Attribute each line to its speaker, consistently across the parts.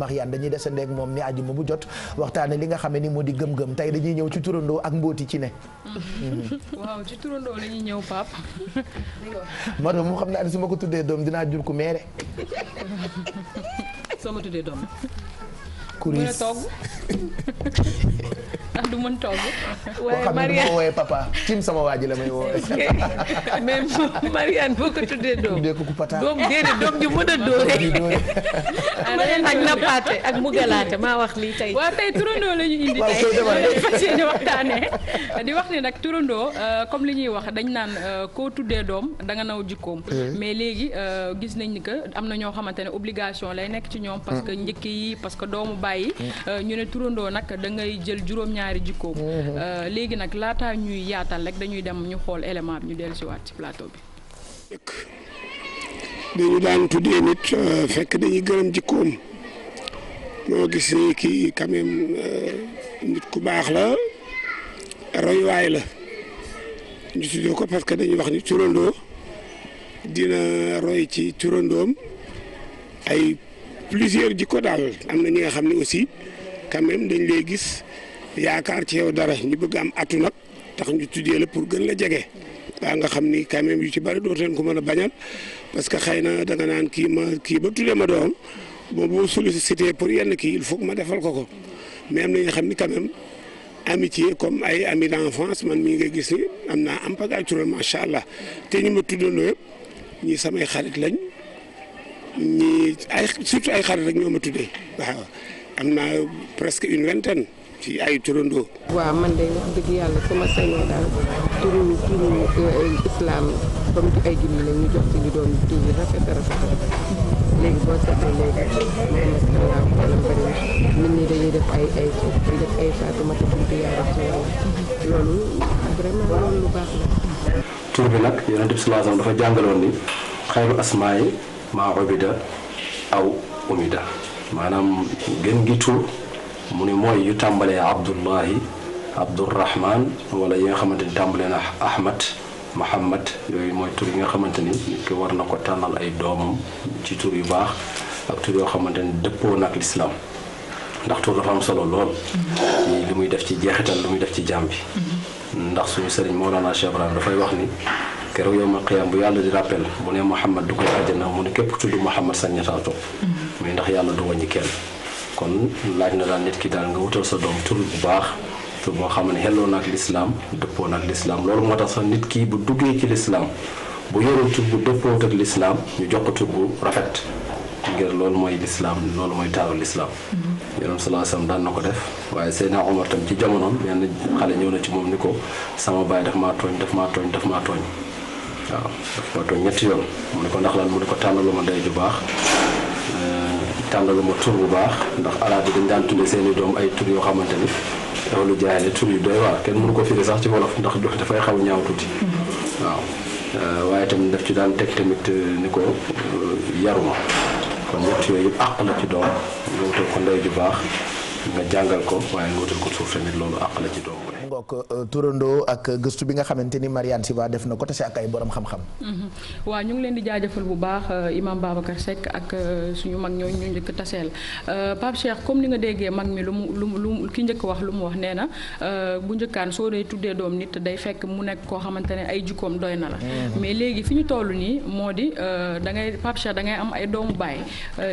Speaker 1: Marianne dañuy desande ak moom ni àjjuma bu jot waxtaane li nga xam ne ni moo di gëm-gëm tey dañuy ñëw ci turandoo ak mbóoti ci ne.
Speaker 2: Mm-hmm. waaw ci turandoo la ñëw Pape.
Speaker 1: moo tax mu xam naa ne su ma ko tuddee doom dinaa jur ku meere.
Speaker 2: soo ma tuddee doom. kuris togg ndax du mën togg.
Speaker 3: waaye Marianne boo
Speaker 1: wooyee waa ji la may woowee. mais Marianne boo ko tuddee doom. tuddee ko ku pata doom déedéet doom ju mën ak nappaate maa wax lii tey. waaw tey turandoo la indi tey
Speaker 2: di wax ne nag turandoo euh, comme li ñuy wax dañ naan euh, koo tuddee doom danga naw jikkoom. mais léegi euh, gis nañ ni que am na ñoo xamante ne obligation lay nekk ci ñoom. parce mm. njëkk yi parce que doomu bàyyi mm. euh, ñu ne turandoo nag dangay jël juróom-ñaari jikkoom mm-hmm. euh, léegi nag laata ñuy yaatal rek dañuy dem ñu xool élément bi ñu dellusiwaat ci plateau bi
Speaker 4: dañu daan tuddee nit euh, fekk dañuy gërëm jikkoom moo gis ni kii quand nit ku baax la royuwaay la ñu tuddee ko parce que dañuy wax ni turandoo dina roy ci turandoom ay plusieurs jikko daal am na ñi nga xam ne aussi quand dañ lay gis yaakaar ci yow dara ñu bëgg am atu nag tax ñu tuddee la pour gën la jege waa nga xam ni quand même yu ci bari dootoon ko mën a bañal parce que xëy na danga naan kii ma kii ba tuddee ma doom moom boo sollicité pour yenn kii il faut ma defal ko ko mais am xam ni quand même amitié comme ay ami d'enfance man mii nga gis ni am naa am pagaay tural allah te ñu ma tuddandoo yëpp ñi samay xarit lañ. ñi ay surtout ay xar rek ñoo ma tuddee waaw am naa presque une vingtaine ci ay turandoo. waa man de wax dëgg
Speaker 2: yàlla sama sañoo daal turu turu euh, islam comme ci ay julli la ñu jox ci ñu doon tur bi dañuy def ay ay di def ay Faatumata bintu yaa loolu vraiment loolu lu baax la.
Speaker 3: tur bi nag yonent bi dafa jàngaloon ni xayru asmaa yi. maa obida aw umida maanaam gën gi tur mu ni mooy yu tàmbalee abdullahi abdurahman wala yi nga xamante ni tàmbalee na ahmad muhammad yooyu mooy tur yi nga xamante ni ki war na ko tànnal ay doomam ci tur yu baax ak tur yoo xamante ni dëppoo nag lislaam ndax tur dafa am solo lool li muy def ci jeexital lu muy def ci jaam bi mm-hmm. ndax suñu sëriñ Mawlana Cheikh Ibrahim dafay wax ni keroog yow ma xiyaam bu yàlla di rappel mu ne Mouhamad du koy àjjana mu ne képp tudd Mouhamad sa ñetaato mm-hmm. mais ndax yàlla du wàññi kenn kon laaj na daal nit ki daal nga wutal sa doom tur bu baax tur boo xam ne xelloo na ak lislaam dëppoo na ak lislaam loolu moo tax sax nit ki bu duggee ci lislaam bu yorul tur bu dëppoo ak lislaam ñu jox ko tur bu rafet ngir loolu mooy lislaam loolu mooy taaru lislaam sa mm-hmm. salaa sallam daan na ko def waaye Seydina Omar tam ci jamonoom benn xale ñëw na ci moom ni ko sama baay daf maa tooñ daf maa tooñ daf waaw daf ko tooñ ñetti yoon mu ne ko ndax lan mu ne ko tànnalu ma day baax euh, tànnalu ma tur bu baax ndax araab yi dañ daan tudde seeni doom ay tur yoo xamante ni dafa lu jaayale tur yu doy waar kenn mënu ko firi sax ci wolof ndax dafay xaw ñaaw tuuti mm-hmm. waaw euh, waaye tamit daf ci daan teg tamit euh, ni ko yaruma kon ñett yooyu yëpp àq la ci doom yow ko ndey ju baax nga jàngal ko waaye loolu àq la ci doomu
Speaker 1: euh, turandoo ak gëstu bi nga xamante ni Mariane Siva def na ko tase ak ay boroom xam-xam.
Speaker 2: Mm-hmm. waaw ñu ngi leen di jaajëfal bu baax euh, imam Babacar Seck ak euh, suñu mag ñooñu ñu njëkk taseel Pape Cheikh comme ni nga déggee mag mi lu mu lu mu ki njëkk wax lu mu wax nee na bu njëkkaan soo dee tuddee doom nit day fekk mu nekk koo xamante ne ay jikkoom doy na la. Mm-hmm. mais léegi fi ñu toll nii moo di da ngay Pape da ngay am ay doomu baay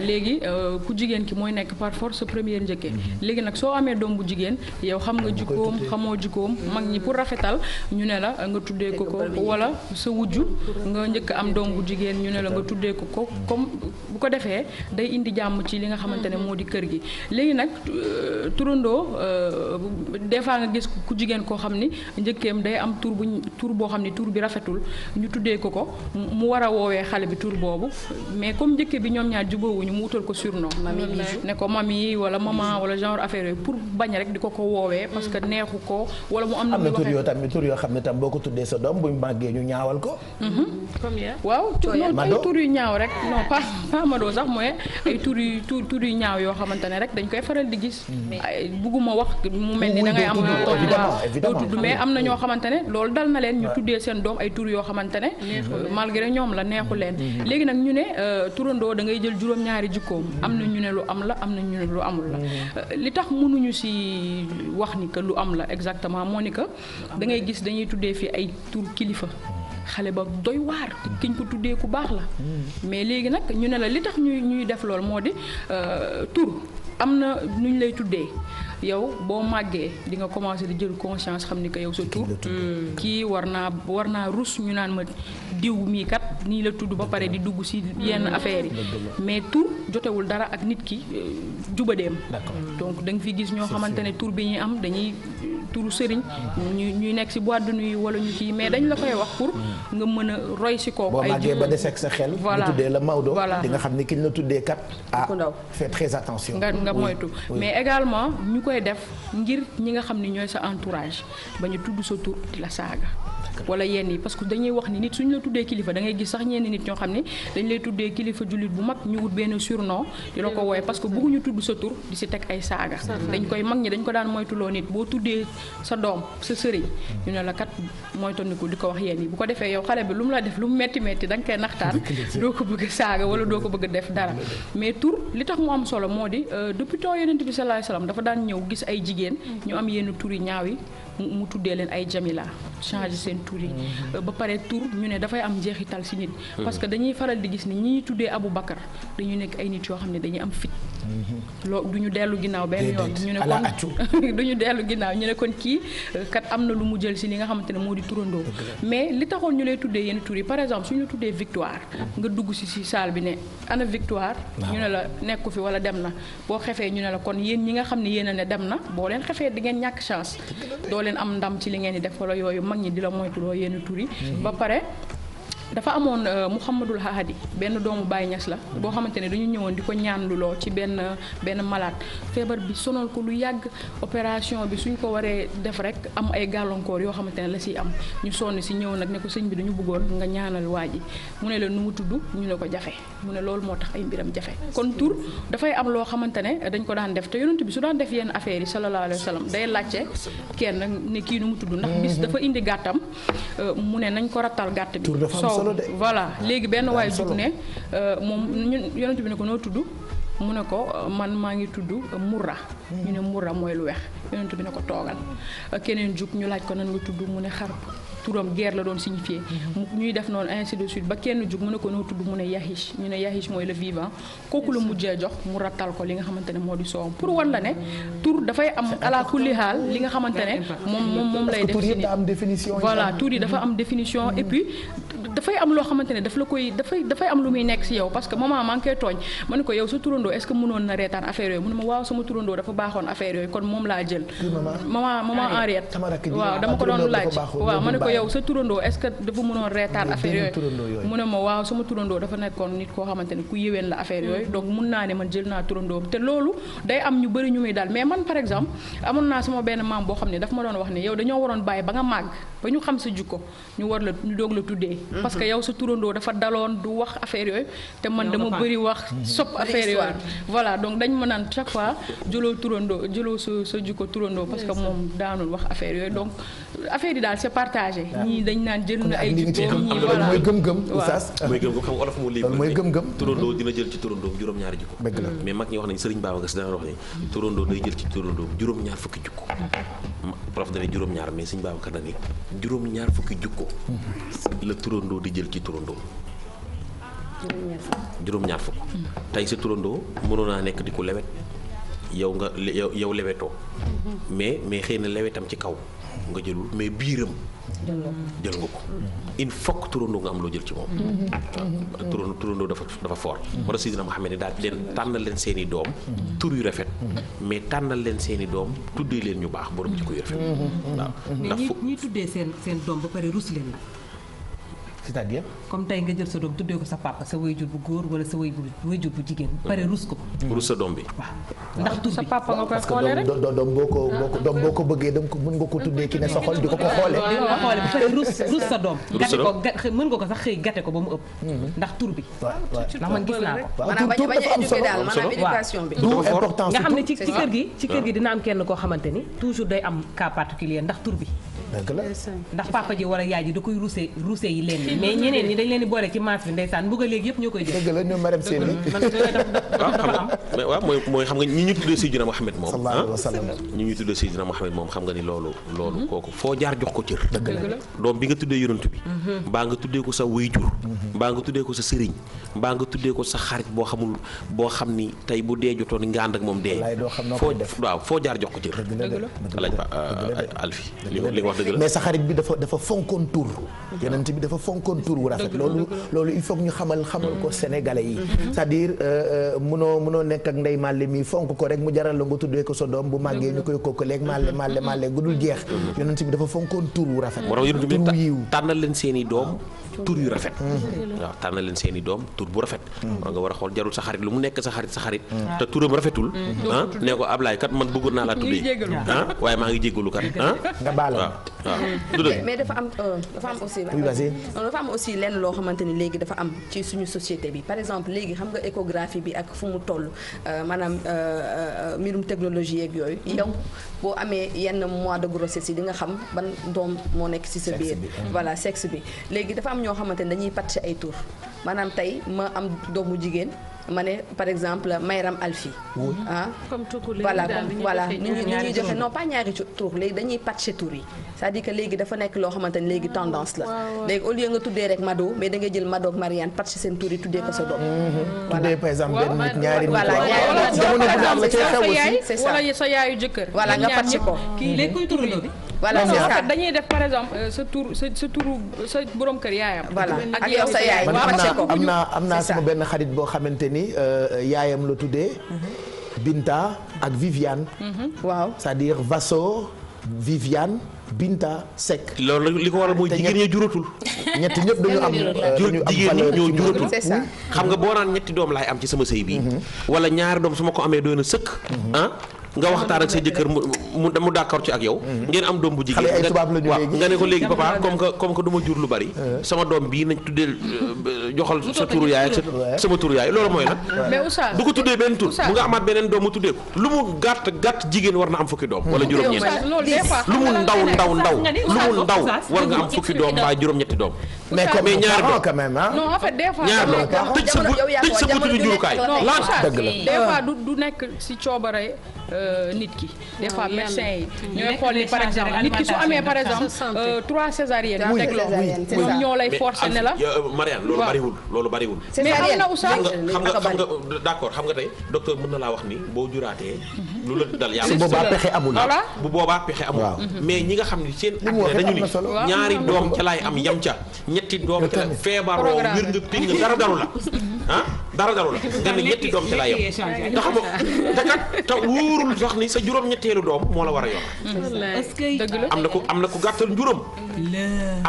Speaker 2: léegi ku jigéen ki mooy nekk par force première njëkkee. Mm-hmm. léegi nag soo amee doom bu jigéen yow xam nga jikkoom xamoo jikkoom mag ñi pour rafetal ñu ne la nga tuddee ko ko wala sa wujju nga njëkk am doom bu jigéen ñu ne la nga tuddee ko ko comme bu ko defee day indi jàmm ci li nga xamante ne mm-hmm. moo di kër gi léegi nag euh, turandoo euh, des fois nga gis ku jigéen koo xam ni njëkkeem day am tur bu tur boo xam ni tur bi rafetul ñu tuddee ko ko mu war a woowee xale bi tur boobu mais comme njëkke bi ñoom ñaar jubóowuñu mu wutal ko surnom genre affaire yooyu pour bañ rek di ko ko woowee. parce que neexu ko wala mu am. na muy waxee am na tur yoo
Speaker 1: tam yoo xam boo ko tuddee sa doom buñ màggee ñu ñaawal ko.
Speaker 2: Mhm. waaw. ay yu ñaaw rek non pas pas sax mooy ay tur yu ñaaw yoo xamante rek dañ koy faral di gis. Mhm. bugguma wax mu mel ni da am. na ñoo xamante loolu dal na leen ñu tuddee seen doom ay tur yoo xamante euh, malgré ñoom la neexu leen. Mhm. léegi nag ñu ne euh, turandoo da ngay jël juróom-ñaari jikkoom am na ñu ne lu am la am na ñu ne lu amul la euh, li tax munuñu si wax ni que lu am la exactement moo ni que da ngay gis dañuy tuddee fii ay tur kilifa xale ba doy waar hmm. kiñ ko tuddee ku baax la hmm. mais léegi nag ñu ne la li tax ñuy ñuy def lool moo di euh, tur am na nu ñu lay tuddee yow boo màggee di nga commencé di jël conscience xam ni que yow surtout mm. kii war naa war naa rus ñu naan ma diw mii kat nii la tudd ba pare di dugg ci yenn mm. affaires yi mais tur jotewul dara ak nit ki euh, dem donc da fi gis ñoo xamante ne tur bi ñuy am dañuy turu sëriñ ñu ñuy nekk si boîte de yi wala ñu kii mais dañ la koy wax pour nga mën a roy si kooku ay boo màggee ba deseeg
Speaker 1: sa xel voilà tuddee la Maodo di nga xam ne ki ñu la tuddee kat ah fais très attention nga nga moytu mais
Speaker 2: également ñu koy def ngir ñi nga xam ni ñooy sa entourage ba ñu tudd sa tur di la saaga wala yenn yi parce que dañuy wax ni nit suñu la tuddee kilifa da ngay gis sax ñenn nit ñoo xam ne dañ lay tuddee kilifa jullit bu mag ñu wut benn surno di la ko wooye parce que ñu tudd sa tur di si teg ay saaga dañ koy mag ñi dañ ko daan moytuloo nit boo tuddee sa doom sa sëriñ ñu ne la kat moytandiku di ko wax yenn yi bu ko defee yow xale bi lu mu la def lu mu metti metti da koy naxtaan doo ko bëgg saaga wala doo ko bëgg def dara mais tur li tax mu am solo moo di euh, depuis temps yonent bi sallallahu alayhi wasallam dafa daan ñëw gis ay jigéen ñu am yenn tur yi ñaaw yi mu tuddee leen ay Jamila changé seen tur yi. Mhm. ba pare tur ñu ne dafay am njeexital ci nit. Mhm. parce que dañuy faral di gis ni ñi ñuy tuddee Aboubacar dañu nekk ay nit yoo xam ne dañu am fit.
Speaker 3: Mhm.
Speaker 2: loolu du ñu dellu ginnaaw benn yoon. ñu ne kon du ñu dellu ginnaaw ñu ne kii kat am na lu mu jël ci li nga xamante ne moo di turandoo. mais li taxoon ñu lay tuddee yenn turi par exemple suñu tuddee Victoire. nga dugg ci ci salle bi ne ana Victoire. ñu ne la nekku fi walla dem na boo xefee ñu ne la kon yéen ñi nga xam ne yéen a ne dem na boo leen xefee di ngeen ñàkk chance. leen am ndam ci li ngeen di def wala yooyu mag ñi di la moytuloo yenn tur yi mhm. ba pare dafa amoon euh, Mouhamadul Hahadi benn doomu Baye Niass la boo xamante ne dañu ñëwoon di ko ñaan lu loo ci benn benn malade feebar bi sonal ko lu yàgg opération bi suñ ko waree def rek am ay gàllankoor yoo xamante ne la siy am ñu sonn si ñëw nag ne ko sëñ bi dañu bëggoon nga ñaanal waa ji mu ne la nu mu tudd ñu ne ko jafe mu ne loolu moo tax ay mbiram jafe kon tur dafay am loo xamante ne dañ ko daan def te yonent bi su daan def yenn affaires yi sallallahu alayhi wa sallam day laajte kenn ne kii nu mu tudd ndax bis dafa indi gàttam euh, mu ne nañ ko rattal gàtt bi soow solo voilà léegi benn waay jug ne euh, moom ñun yonent bi ne ko noo tudd mu ne ko euh, man maa ngi tudd euh, murra ñu ne murra mooy lu wex yonent bi ne ko toogal keneen jug ñu laaj ko nan nga tudd mu ne xarb turam geer la doon signifié mhm. ñuy def noonu ainsi de suite ba kenn jug mu ne ko noo tudd mu ne yahish ñu ne yahish mooy le vivant kooku la mujjee jox mu rattal ko li nga xamante ne moo di soowam pour wan la ne tur dafay am ala kulli xaal li nga xamante ne moom moom moom lay def voilà tur yi dafa am mhm. définition et mhm. puis dafay am loo xamante ne daf la koy dafay dafay am lu muy nekk si yow parce que moment maa ngi koy tooñ ma ne ko yow sa turandoo est-ce que mënoon na reetaan mu ne ma waaw sama turandoo dafa ko ah, doon laaj waaw ma ne ko yow sa turandoo est-ce que dafa mënoon reetaan affaire yooyu mu ne ma nekkoon nit koo xamante ne ku yéwén la affaire yooyu mm. donc mun naa ne man jël naa turandoom te loolu day am ñu bëri ñu muy daal mais man par exemple amoon naa sama benn maam boo xam ne dafa ma doon wax ne yow dañoo waroon bàyyi ba nga màgg ba ñu xam sa jukko ñu war la ñu doog la tuddee parce que yow sa turandoo dafa daloon du wax affaire yooyu te man dama bëri wax mm-hmm. sopp affaire yooyu voilà donc dañ ma naan chaque fois jëloo turandoo jëloo sa sa jikko turandoo parce que moom daanul wax affaire yooyu donc affaire yi daal c'est partagé ñii dañ naan jël na ay jikko
Speaker 4: ñii gëm-gëm oustaz mooy gëm-gëm xam olof moo mooy gëm-gëm turandoo dina jël ci turandoo juróom-ñaari jikko mais mag ñi wax nañ sëriñ Babacar Si dana wax ne turandoo day jël ci ñaar fukki jikko prof dana juróom-ñaar mais sëriñ Babacar dana juróom-ñaar fukki jikko
Speaker 3: mm-hmm.
Speaker 4: la turandoo turandoo di jël ci turandoo. juróom-ñaar fukk juróom-ñaar fukk. tey sa turandoo mënoon naa nekk di ko lewet yow nga yow yow lewetoo. mais mais xëy na lewetam ci kaw nga jëlul mais biiram. jël nga ko il faut que turandoo nga am loo jël ci moom mm-hmm. turandoo turandoo dafa dafa fort mm-hmm. moo tax Sidina Muhammad ne daal leen tànnal leen seen doom mm-hmm. tur rafet mais tànnal leen seen doom tuddee leen ñu baax borom ci ko yu
Speaker 3: rafet waaw ndax
Speaker 5: ñi tuddee seen seen doom ba pare rus leen c'est-à-dire. comme tey nga jël sa doom tuddee ko sa papa sa wayjur bu góor wala sa wayjur bu jigéen. pare rus ko.
Speaker 4: Mm.
Speaker 1: rus sa doom bi.
Speaker 5: waaw ndax tur bi da ko mën nga
Speaker 1: ba
Speaker 2: pare rus rus sa doom.
Speaker 5: rus sa doom gàtte ko mën nga ko sax xëy gàtte ko ba mu ëpp. Mm-hmm.
Speaker 2: ndax bi. waaw waaw ndax man gis naa ko. maanaam bañ a éduqué daal maanaam éducation bi. du importance nga xam ne ci ci kër gi ci kër gi ah.
Speaker 5: dina am kenn koo xamante toujours day am cas particulier ndax tur bi. ndax papa ji wala yaay ji da koy rusé rusé yi leen mais ñeneen ñi dañ leen boole ci maas bi ndeysaan
Speaker 1: mbugal léegi yëpp ñoo koy jël i
Speaker 4: ah, waaw mooy mooy xam nga ñi ñu tuddee Seydina Mouhamed moom sallallahu ah, alayhi wa sallam ñi ñu tuddee Seydina Mouhamed moom xam nga ni loolu mhm. kooku foo jaar jox ko cër doom bi nga tuddee yonent bi mhm. mbaa nga tuddee ko sa wayjur mhm. mbaa nga tuddee ko sa sëriñ mbaa nga tuddee ko sa xarit boo xamul boo xam ni tey bu dee jotoon nga ànd ak moom dee foo waaw foo jaar jox ko cër alaaj Alfi li nga wax dëgg la mais sa xarit
Speaker 1: bi dafa dafa fonkoon tur yonent bi dafa fonk contour wu rafet loolu il faut ñu xamal xamal ko mm-hmm. sénégalais yi mm-hmm. cest à euh, munoo munoo nekk ak ndey màlle mi fonk ko rek mu jaral la nga tuddee ko sa doom bu màggee ñu koy kokk leeg màlle màlle màlle gudul jeex mm-hmm. yonent bi dafa fonkoon tur wu rafet tur bu rafet
Speaker 4: waa nga war a xool jarul sa xarit lu mu nekk sa xarit sa xarit te turam rafetul ah nee ko Ablaye kat man bëggoon naa laa tuddee ah waaye maa ngi jéggalu kat ah nga baal waaw waaw
Speaker 3: du mais
Speaker 2: dafa am euh, dafa am aussi am aussi lenn loo xamante ni léegi dafa am ci suñu société bi par exemple léegi xam nga échographie bi ak fu mu toll euh, maanaam euh, euh, mbirum technologie yeeg yooyu. Mm-hmm. yow boo amee yenn mois de grossesse yi di nga xam ban doom moo nekk ci sa biir. Mm-hmm. voilà sexe bi léegi dafa am ñoo xamante ni dañuy pàcc ay tur maanaam tey ma am doomu jigéen. ma ne par exemple Mayram Alfi. ah comme tukul voilà voilà ni ñuy joxe non pas ñaari tur léegi dañuy patché tur yi c'est-à-dire léegi dafa nekk loo xamante ni léegi tendance la léegi au lieu nga tuddee rek Mado mais da ngay jël madoo ak Marianne patché
Speaker 1: seen tur yi tuddee ko sa doom. Mm-hmm. tuddee par exemple benn nit ñaari nit voilà jamono bu naan la cee xew aussi
Speaker 2: c'est ça wala sa yaayu jëkkër voilà nga patché ko mm-hmm.
Speaker 1: voilà non en fait
Speaker 2: dañuy def par exemple euh, sa tur sa sa turu sa borom kër yaayam. voilà ak yow sa yaay am
Speaker 1: naa am naa sama benn xarit boo xamante ni euh, yaayam la tuddee. Mhm. Binta ak Viviane. sa mhm. c'est-à-dire Vasso Viviane. Binta Seck. loolu li ko waral mooy jigéen ñi juratul. ñetti ñëpp dañu am euh, dañu am jigéen ñi ñoo juratul. c'est ça
Speaker 4: xam nga boo naan ñetti doom laay am ci sama sëy bii mhm. wala ñaari doom su ma ko amee doon na sëkk. Ah? nga waxtaan ak sa jëkkër mu mu d'accord ci ak yow. Mm-hmm. ngeen am doom bu jigéen xale ay tubaab
Speaker 1: la ñu léegi nga ne ko léegi papa
Speaker 4: comme que comme que du jur lu bari. Eh. sama doom bii nañ tuddee euh, joxal sa turu yaay ak sa sama turu loolu mooy lan. mais Oustaz du ko tuddee benn tur mu nga amaat beneen doom mu tuddee lu mu gàtt gàtt jigéen war na am fukki doom. wala mm. juróom-ñeent lu ndaw ndaw ndaw lu
Speaker 2: mu ndaw war nga am fukki doom mbaa
Speaker 1: juróom-ñetti doom. mais comme ñaar doom quand même ah. non
Speaker 2: en fait des fois ñaar doom tëj sa buntu bi njurukaay. dëgg la des fois du nekk si coobare Euh, nit ki. des fois médecin yi. ñooy xool nit ki su amee par exemple euh, trois césariennes. oui césariennes ñoo lay forcer ne la.
Speaker 4: Marianne loolu bariwul loolu bariwul. césarienne xam nga xam nga euh, d'accord xam nga tey docteur mën na laa wax ni boo juraatee. lu la dal yàlla. bu boobaa pexe amul bu boobaa pexe amul. mais ñi nga xam ni seen. ak dañu ni ñaari doom ca laay am yam ca ñetti doom ca la feebaroo wir nga ping dara daru la dara daru la nga ne ñetti doom ci laa yem te xam te kat te wóorul sax ni sa juróom-ñetteelu doom moo la war a yor. am na ku am na ku gàttal njuróom.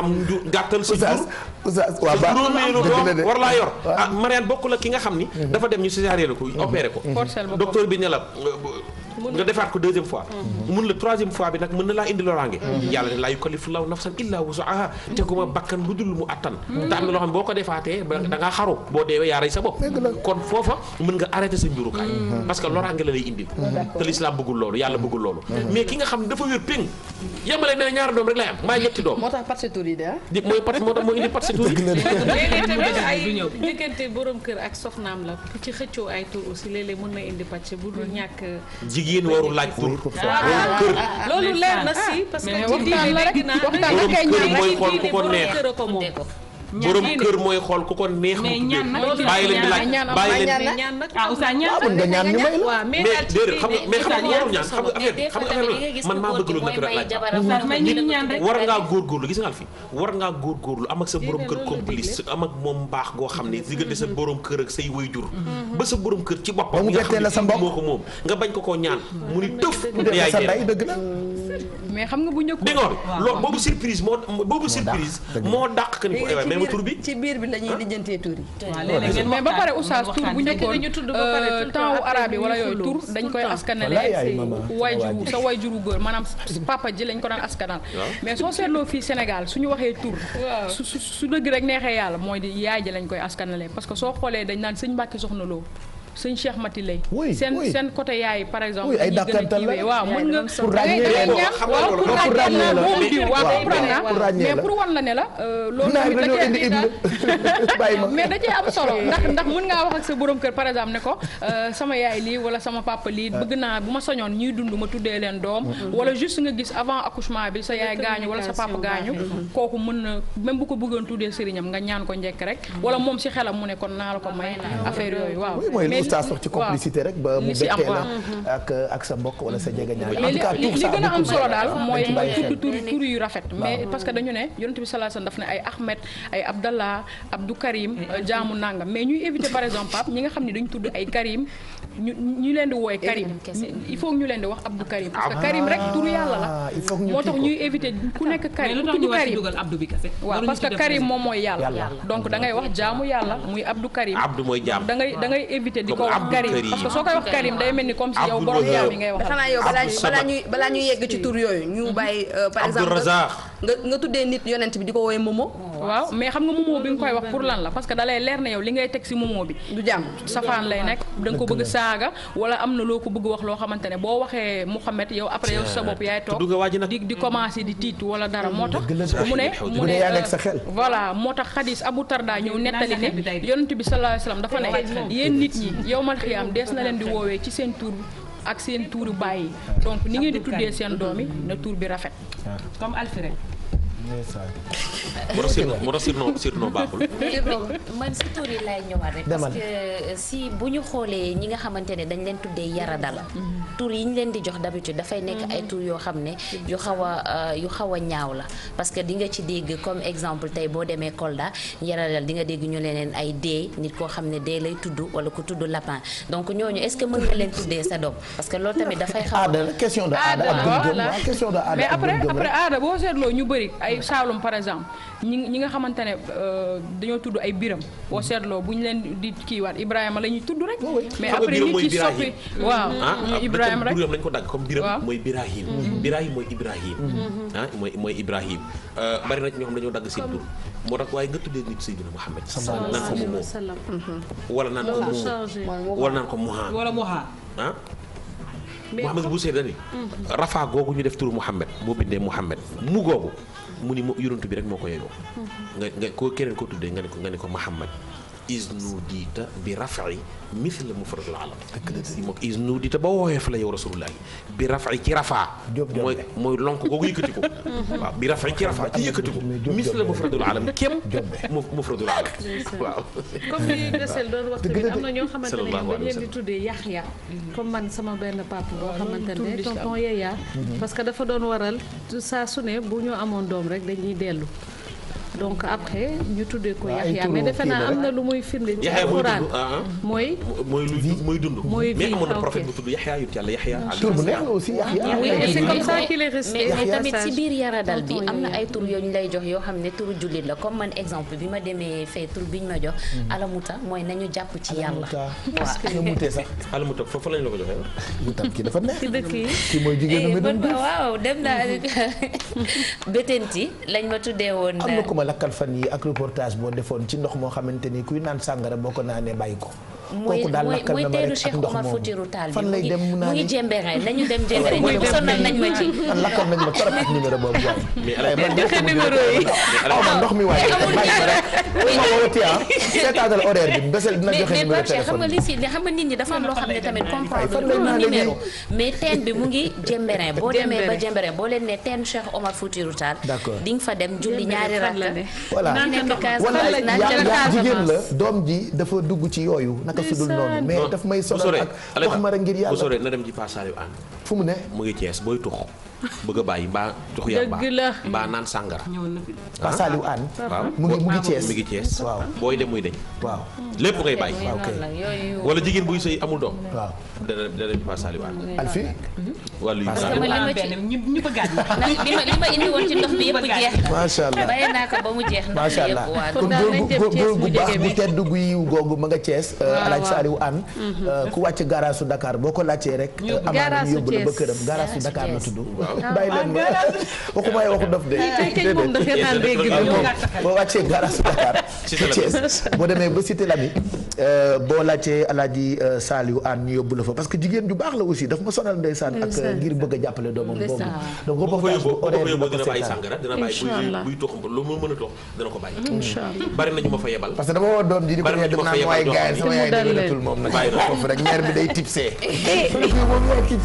Speaker 4: am nju gàttal sa jur. oustaz waaw baax juróomeelu doom war laa yor. ah Marianne bokk la ki nga xam ni. dafa dem ñu césarienne ko opéré ko. docteur bi ne la. nga defaat ko deuxième fois mm-hmm. mun la troisième fois bi nag mën na laa indi loraange mm-hmm. yàlla ne laa yukallifu laahu nafsan illaa wusaha mm-hmm. teguma bakkan lu dul mu attan te loo xam ne boo ko defaatee da xaru boo deewee yaa rey sa bopp kon foofa mën nga arrêté sa njurukaay parce que loraange la lay indil te l'islam bëggul loolu yàlla bëggul loolu mais ki nga xam dafa wér péng yemale ne ñaari doom rek lay am
Speaker 2: maa ñetti doom ah. mooy pat moo tax
Speaker 4: jigéen warul laaj tur ah, kër loolu leer na si
Speaker 2: parce que ci diine
Speaker 4: mooy xool ku ko neex
Speaker 5: borom kër mooy xool
Speaker 4: ku ko neex. mais ñaan
Speaker 2: nag bàyyi leen di laaj bàyyi leen
Speaker 5: ah Oustaz ñaan nag ah, ah, nga ñaan ñu may la. mais déedéet xam
Speaker 2: nga mais xam nga warul ñaan xam nga affaire bi xam nga man maa bëgg lu naturel laaj
Speaker 4: war ngaa góorgóorlu gis nga fi war ngaa góorgóorlu am ak sa borom kër complice am ak moom mbaax goo xam ne diggante sa borom kër ak say way jur mm-hmm. ba sa borom kër ci boppam moo ko moom nga bañ ko koo ñaan mu ni mm-hmm. tëf yaay dëgg
Speaker 2: la mais xam nga bu njëkk. di nga loolu boobu
Speaker 4: surprise moo boobu surprise. moo dàq que ni ko évaillé même tur bi.
Speaker 2: ci biir bi la ñuy lijjantee tur yi. mais ba pare oustaz tur bu njëkkoon euh, temps wu arabe yi wala yooyu tur dañ koy askanale wayjuru sa wayjuru góor maanaam papa ji lañ ko daan askanal. mais soo seetloo fii Sénégal suñu waxee tur. su su dëgg rek neexee yàlla mooy di yaay ji lañ koy askanale parce que soo xoolee dañ naan sëñ Mbàkke soxna loo suñ Cheikh Mati lay. oui seen seen côté yaay par exemple. ay dàkkantal la waaw mën nga. pour ràññee la waaw pour ràññee la moom diw mais pour wan la ne la. Euh, loolu tamit da cee mais da cee am solo ndax ndax mën ngaa wax ak sa borom kër par exemple ne ko euh, sama yaay lii wala sama papa lii bëgg naa bu ma soñoon ñuy dund ma tuddee leen doom. Mm-hmm. wala juste nga gis avant accouchement bi sa yaay gaañu wala sa papa gaañu. kooku mën na même bu ko bëggoon tuddee sëriñam nga ñaan ko njëkk rek. wala moom si xelam mu ne naa la saa sox ci complicité
Speaker 1: rek ba mu bettee la mhm. ak sa mbokk wala sa jege ñaar en tout li gën a am solo daal mooy mooy tudd
Speaker 2: tur yu rafet mais parce que dañu ne yonent bi sallallahu daf ne ay Ahmed ay Abdallah Abdou Karim mm-hmm. euh, jaamu nangam mais ñuy éviter par exemple eh, parce que ah, Karim rek turu yàlla la moo tax ñuy éviter ku nekk Karim ku tudd Karim waaw parce que Karim moom mooy yàlla donc da ngay wax jaamu yàlla muy Abdou Karim da ngay éviter di ko wax Karim parce que soo koy wax Karim day mel ni comme si yow borom jaam yi ngay wax xanaa yow balaa ñuy balaa ñuy yegg ci tur yooyu ñu bàyyi euh, par exemple nga nga tuddee nit yonent bi di ko wooye momo waaw mais xam nga momo bi nga koy wax pour lan la parce que da lay leer na yow li ngay teg si momo bi du jàmm safaan lay nekk da ko bëgg saaga wala am na loo ko bëgg wax loo xamante ne boo waxee Mouhamed yow après yow sa bopp yaay toog di di commencé di tiit wala dara moo
Speaker 1: tax mu ne mu ne euh,
Speaker 2: voilà moo tax xadis Abu Tarda ñëw nettali ne yonent bi sallallahu alayhi wasallam dafa ne yéen nit ñi yow mal xiyaam dees na leen di woowee ci seen tur ak seen tuuru baay yi donc ni ngeen di tuddee seen doomi yi na tuur bi rafet ah. comme Alfred
Speaker 4: mu sirno mu sirno sirno baaxul. Eh,
Speaker 2: man
Speaker 5: si tur yi laay ñëwaat rek. parce que euh, si bu ñu xoolee ñi nga xamante ne dañ leen tuddee yaradala. Mhm. tur yi ñu leen di jox d'habitude dafay nekk ay mhm. tur yoo xam ne yu xaw a euh, yu xaw a ñaaw la parce que di nga ci dégg comme exemple tey boo demee Kolda yaradal di nga dégg ñu leen ay dee nit koo xam ne dee lay tudd wala ku tudd lapin donc ñooñu est-ce que mën nga leen tuddee sa doom parce que loolu
Speaker 2: tamit dafay. xaw a question de aada aada aada boo seetloo ñu bëri ay tey Saalum par exemple ñi ñi nga xamante ne euh, dañoo tudd ay biram boo seetloo bu ñu leen di kiiwaat Ibrahima la ñuy tudd rek. Oh mais après nit ci soppi mm-hmm. waaw ah, ah, lañ
Speaker 4: ko dagg comme biram mooy Birahim. Mm-hmm. Birahim mooy Ibrahim. Mm-hmm. ah mooy mooy Ibrahim euh, bari na ci ñoo xam dañoo dagg seen tur moo tax waaye nga tuddee nit Seydina Muhammad. naan ko Momo wala naan ko Momo wala naan ko Moha wala Moha ah.
Speaker 3: Mouhamed Bousseyri dani rafaa
Speaker 4: googu ñu def turu Mouhamed moo bindee Mouhamed mu googu. mu ni yonent bi rek moo ko yeyoo. Mm-hmm. nga nga koo keneen ko tuddee nga ne ko nga ne ko Muhammad isnu diita bi rafi misla mufradul alam moom isnu diita ba woyof la yow rasulullah bi rafi ci rafaa mooy mooy lonk googu yëkkati waaw bi rafi ci rafaa ci yëkkati ko misla alam kem mufradul alam comme li
Speaker 2: doon wax tamit am na ñoo xamante ne dañ leen di tuddee yaxya mm-hmm. comme man sama benn papa boo xamante ne tonton Yaya mm-hmm. parce dafa doon waral saa su ne bu ñu amoon doom rek dañuy dellu donc après ñu tuddee ko yaxya mais defe naa am na lu muy firnde ci alxuraan ah, ah. mooy
Speaker 4: mooy lu mooy dund mooy mais na prophète bu tudd yaxya yut yàlla yaxya tur la aussi yaxya ah oui et c'est
Speaker 1: comme ça qu'il
Speaker 5: est resté mais tamit ci biir yaradal bi am na ay tur yoo ñu lay jox yoo xam ne turu jullit la comme man exemple bi ma demee fee tur bi ma jox hmm. alamuta mooy nañu jàpp ci yàlla
Speaker 4: waaw la ko joxee mu tam kii
Speaker 1: dafa eh,
Speaker 5: dem naa bétenti lañ ma tuddee woon
Speaker 1: lakkal fan yi ak reportage boo defoon ci ndox moo xamante ni kuy naan sàngara boo ko naanee bàyyi ko. kooku daal lakkal na ma rek ak ndox moomu
Speaker 5: fan lay dem mu naan mu ngi nañ ma ci. waaye.
Speaker 1: mais ala eh, ndox mi waaye. seetaatal horaire bi mbesel dina joxe numéro téléphone xam nga
Speaker 5: li xam nga nit ñi dafa am loo xam ne tamit comprendre numéro mais teen bi mu ngi Jemberin boo demee ba Jemberin boo leen ne teen Cheikh Omar Foutiyou Tall d'accord di nga fa dem julli ñaari rakk voilà wala jigéen
Speaker 1: la doom ji dafa dugg ci yooyu naka sudul noonu mais daf may sonal ak wax ma rek ngir yàlla bu sore na dem ji Pa Saliou ànd fu mu ne
Speaker 4: mu ngi Thiès booy tux bëgg a bàyyi mbaa naan sàngara.
Speaker 3: waaw Saliou mu ngi mu ngi
Speaker 4: Thiès waaw booy dem muy deñ waaw lépp ngay bàyyi. wala jigéen buy sëy amul doom. waaw dana dana def
Speaker 1: Paa
Speaker 4: mhm.
Speaker 5: ma indi woon ci ndox mi yëpp jeex
Speaker 1: na. allah bàyyi
Speaker 5: naa ko ba mu jeex. macha allah kon góor gu baax bu
Speaker 1: tedd gu googu ma nga Thiès. Euh, alaaj Saliou Anne. Mhm. Euh, ku wàcc garage su boo ko laajtee rek. amaana ñu yóbbu la ba këram garage su la tudd Ah, bàyyi leen ma waxumaay waxu dof de. Ah, déedéet boo wàccee garage Dakar ci Thiès boo demee ba la Lamy Euh, boo laajtee alaaji euh, Saliou aan ñu yóbbu la fa parce que jigéen ju baax la aussi daf ma sonal ndeysaan ak euh, ngir bëgg a jàppale doomam boobu donc reportage a
Speaker 4: tox dina ko bàyyi bari na ma fa yebal
Speaker 1: parce que dama woo doom ji di ko yedd naa mooy gaay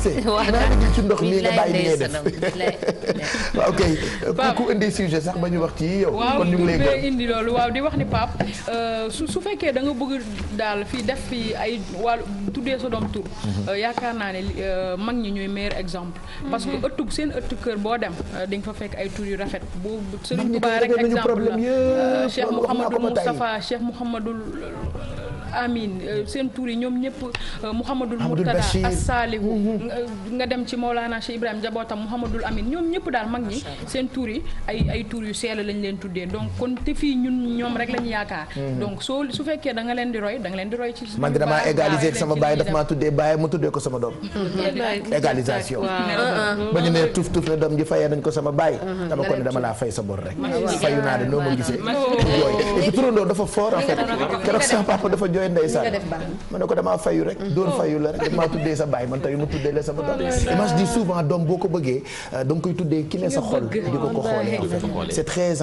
Speaker 1: sama ndox mii nga bàyyi li def waaw ku indi sujet sax ba ñu wax ci yow kon ñu ngi a
Speaker 2: indi loolu waaw di wax ni Pape su fekkee da bëgg daal fii def fii ay wàllu tuddee sa doom tur mhm. euh, yaakaar naa ne euh, mag ñi ñooy meilleur exemple mhm. parce que ëttug seen ëttu kër boo dem euh, di nga fa fekk ay tur yu rafet bu Sëriñ Tuubaa rek exemple la Cheikh Mouhamadou Moustapha Cheikh Mouhamadou Euh, Amin seen tur yi ñoom ñëpp euh, Mouhamadul Mourtada Assalihu mm-hmm. euh, nga dem ci Maolana Cheikh Ibrahima jabootam Mouhamadul Amin ñoom ñëpp daal mag ñi seen tur yi ay ay tur yu seel lañ leen tuddee donc kon te fii ñun ñoom lañu mm-hmm. su fekkee da nga leen di roy da nga leen di roy ci man di damaa égaliser ak sama baay daf maa
Speaker 1: tuddee baay mu tuddee ko sama doom
Speaker 2: mm-hmm. égalisation ba ñu nee
Speaker 1: tuuf tuuf ne doom ji fayee nañ ko sama baay dama ko ne dama laa fay sa bor rek fayu naa de noo ma gisee jooy turandoo dafa fort en keroog sama papa dafa jooy ñëwee ma ne ko damaa fayu rek mm. dóor oh. fayu la rek damaa tuddee sa baay man tamit ma tuddee la sama doom dama oh, je doom boo ko bëggee euh, da koy tuddee ki sa xol di ko ko xoolee en fait c'est très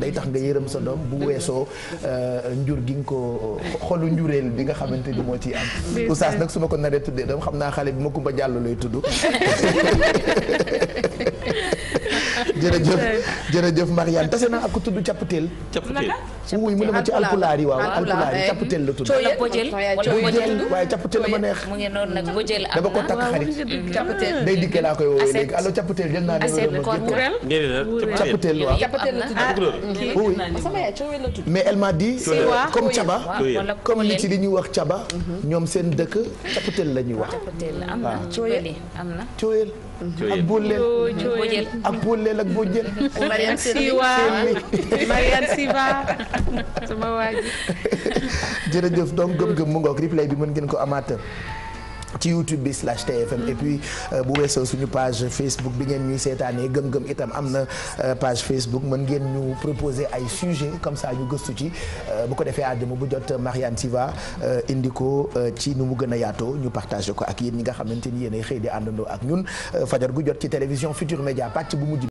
Speaker 1: day tax nga yërëm sa doom bu weesoo euh, njur gi nga ko xolu njureel bi nga xamante ni moo ci am oustaz nag su ma ko naree tuddee doom xam naa xale bi ma kumba jàll lay tudd jërëjëf jërëjëf Marianne tase naa ak ku tudd cappateel. cappateel wuy mu ne ma ci alpulaar yi waaw alpulaar yi eh. cappateel la tudd. wala bojjel waaye cappateel la ma neex. mu
Speaker 5: ngi noonu nag bojjel ko takk xarit.
Speaker 2: cappateel
Speaker 1: day dikkee laa koy woowee léegi allo cappateel jël naa. aseet kon wurel cappateel waaw
Speaker 2: ah, mais elle comme caba
Speaker 1: comme li ci li ñuy wax caba mhm. ñoom seen dëkk cappateel la ñuy wax. cappateel am na am na cooyel ak boo leen ak boo leel ak boo jël. Mariam Siva
Speaker 2: Mariam Siva sama waa
Speaker 1: mu ngoog replay bi mën ngeen ko amaat. ci youtube bi slash tfm et puis euh, bu weesoo suñu page facebook bi ngeen ñuy seetaanee gëm-gëm itam am na euh, page facebook mën ngeen ñu proposer ay sujet comme ça ñu gëstu ci euh, bu ko defee àjjuma bu jot Marianne Siva indi ko ci nu mu gën a yaatoo ñu partage ko ak yéen ñi nga xamante ni yéen ay xëy di àndandoo ak ñun fajar gu jot ci télévision Futur Média pàcc bu mujj